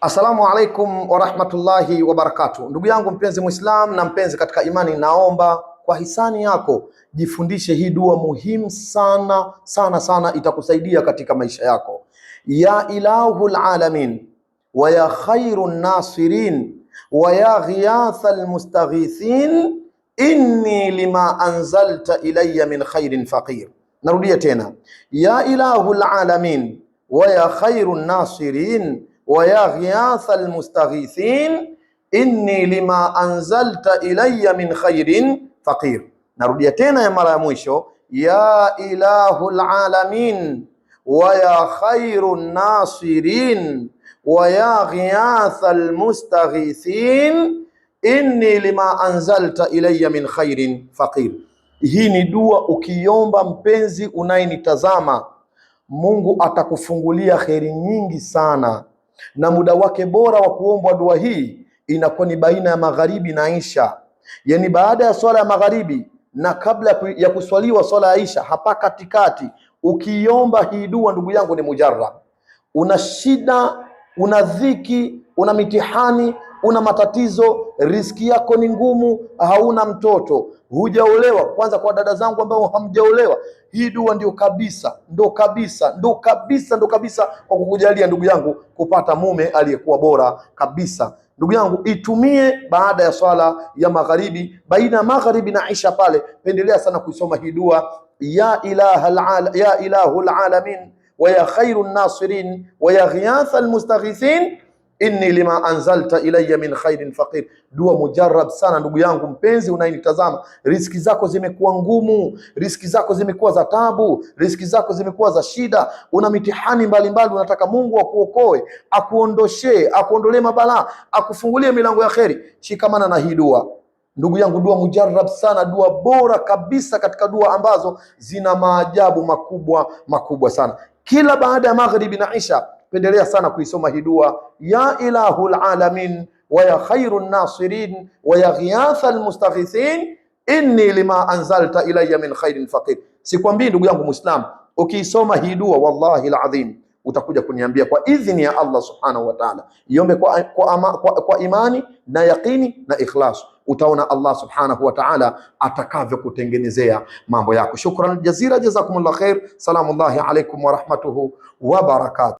Assalamu alaikum warahmatullahi wabarakatuh. Ndugu yangu mpenzi Muislam na mpenzi katika imani, naomba kwa hisani yako jifundishe hii dua muhimu sana sana sana, itakusaidia katika maisha yako. Ya ilahul alamin wa ya khairun nasirin wa ya ghiyathal mustaghithin inni lima anzalta ilayya min khairin faqir. Narudia tena, ya ilahul alamin wa ya khairun nasirin wa ya almustaghithin inni lima anzalta ilayya min khairin faqir. Narudia tena ya mara ya mwisho, ya ilahul alamin wa ya khairun nasirin wa ya ghiyatha almustaghithin inni lima anzalta ilayya min khairin faqir. Hii ni dua ukiomba, mpenzi unayenitazama, Mungu atakufungulia kheri nyingi sana na muda wake bora wa kuombwa dua hii inakuwa ni baina ya magharibi na isha, yaani baada ya swala ya magharibi na kabla ya kuswaliwa swala ya isha, hapa katikati ukiomba hii dua, ndugu yangu, ni mujarrab. Una shida, una dhiki, una mitihani una matatizo, riski yako ni ngumu, hauna mtoto, hujaolewa. Kwanza kwa dada zangu ambao hamjaolewa, hii dua ndio kabisa, ndo kabisa, ndo kabisa, ndo kabisa kwa kukujalia ndugu yangu kupata mume aliyekuwa bora kabisa. Ndugu yangu itumie baada ya swala ya magharibi, baina ya magharibi na isha pale, pendelea sana kuisoma hii dua ya ilahul alamin wa ya khairun nasirin wa ya ghiathal mustaghisin inni lima anzalta ilayya min khairin faqir. Dua mujarab sana, ndugu yangu mpenzi unayenitazama, riski zako zimekuwa ngumu, riski zako zimekuwa za tabu, riski zako zimekuwa za shida, una mitihani mbalimbali, unataka Mungu akuokoe, akuondoshee, akuondolee mabalaa, akufungulie milango ya kheri. Shikamana na hii dua ndugu yangu, dua mujarab sana, dua bora kabisa katika dua ambazo zina maajabu makubwa makubwa sana. Kila baada ya maghribi na isha pendelea sana kuisoma hii dua ya ilahul alamin wa ya khairun nasirin wa ya ghiathal mustaghithin inni lima anzalta ilayya min khairin faqir. Sikwambii ndugu yangu Muislam, ukiisoma hii dua wallahi ladhim utakuja kuniambia kwa idhini ya Allah subhanahu wa ta'ala. Iombe kwa, kwa, ama, kwa, kwa imani na yaqini na ikhlas, utaona Allah subhanahu wa ta'ala atakavyokutengenezea mambo yako. Shukran jazira, jazakumullah khair. Salamullahi alaykum wa rahmatuhu wa barakatuh.